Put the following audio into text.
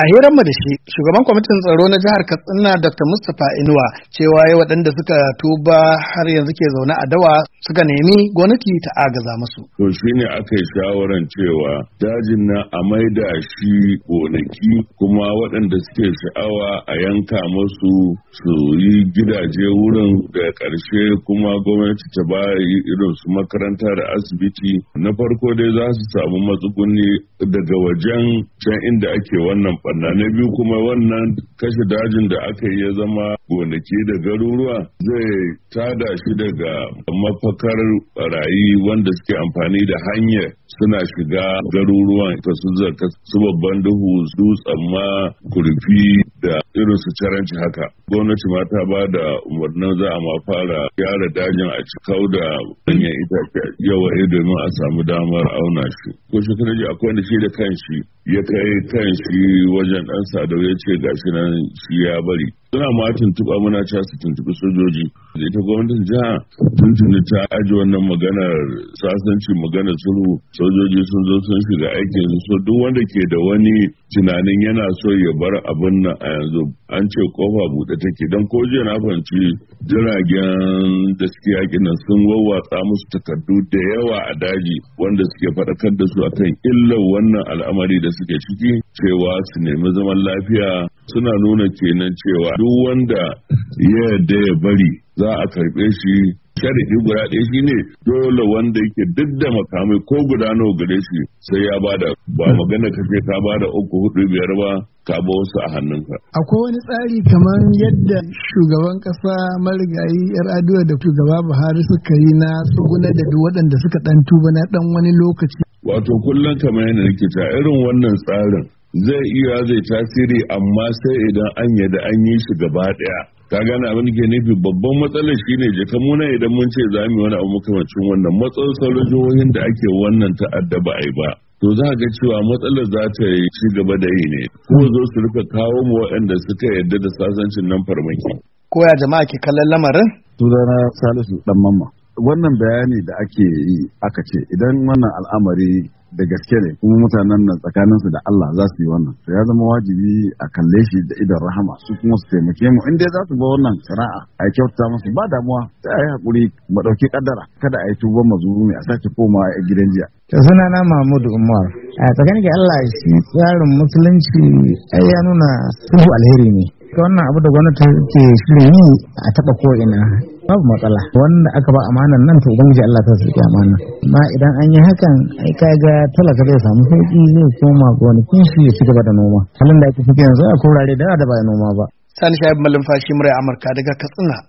a hiranmu da shi shugaban kwamitin tsaro na jihar katsina dr mustapha inuwa cewa ya waɗanda suka tuba har yanzu ke zaune a dawa suka nemi gwamnati ta agaza musu to shine aka yi shawaran cewa dajin na a maida shi gonaki kuma waɗanda suke sha'awa a yanka musu su yi gidaje wurin da ƙarshe kuma gwamnati ta ba yi irin su makaranta da asibiti na farko dai za su samu matsuguni daga wajen can inda ake wannan Wannan na biyu kuma wannan kashe dajin da aka yi ya zama gonaki da garuruwa zai tada shi daga mafakar barayi wanda suke amfani da hanyar suna shiga garuruwan su zarka su babban duhu su tsamma kurfi da irin su caranci haka gwamnati ma ta ba da umarnin za a ma fara gyara dajin a cikau da manyan itace yawa domin a samu damar auna shi ko shi ji akwai wanda shi da kanshi ya kai kanshi wajen dan sadau ya ce gashi nan shi ya bari suna ma tuntuɓa muna ca su tuntuɓi sojoji da ita gwamnatin jiha tuntuni ta aji wannan maganar sasanci maganar sulhu sojoji sun zo sun shiga aikin su duk wanda ke da wani tunanin yana so ya bar abin nan a yanzu an ce kofa buɗe take don ko jiya na fahimci jiragen da suke yaƙi nan sun wawwatsa musu takardu da yawa a daji wanda suke faɗakar da su akan illar wannan al'amari da suke ciki cewa su nemi zaman lafiya suna nuna kenan cewa duk wanda ya yarda ya bari za a karɓe shi sharadi guda ɗaya shi ne dole wanda yake duk da makamai ko guda nawa gare shi sai ya bada ba magana ka ta bada uku hudu biyar ba ka ba wasu a ka. Akwai wani tsari kamar yadda shugaban ƙasa marigayi yar aduwa da shugaba Buhari suka yi na tsuguna da duk waɗanda suka ɗan tuba na ɗan wani lokaci. Wato kullum kamar yadda nake ta irin wannan tsarin zai iya zai tasiri amma sai idan an yadda an yi shi gaba daya ka gane abin ke nufi babban matsalar shine jika muna idan mun ce za mu yi wani abu makamacin wannan matsalar sauran da ake wannan ta'adda ba yi ba to za ga cewa matsalar za ta yi ci gaba da yi ne ko zo su rika kawo mu waɗanda suka yarda da sasancin nan farmaki ko ya jama'a ke kallon lamarin sunana salisu dan mamma wannan bayani da ake yi aka ce idan wannan al'amari da gaske ne kuma mutanen nan tsakaninsu da Allah za su yi wannan to ya zama wajibi a kalle shi da idan rahama su kuma su taimake mu inda za su ba wannan sana'a, a kyauta musu ba damuwa sai a yi hakuri mu ɗauki kaddara kada a yi tuba mazurumi a sake koma a gidan jiya. to suna na mahmudu Umar a tsakanin Allah shi tsarin musulunci ya nuna sulhu alheri ne ta wannan abu da gwamnati ke shirin yi a taɓa ko ina babu matsala wanda aka ba amanan nan to ubangiji Allah ta saki amana amma idan an yi hakan ai kaga talaka zai samu sauki zai koma gonakin shi ya ci gaba da noma halin da ake ciki yanzu a korare da da ba noma ba sani shaib malumfashi murai amurka daga katsina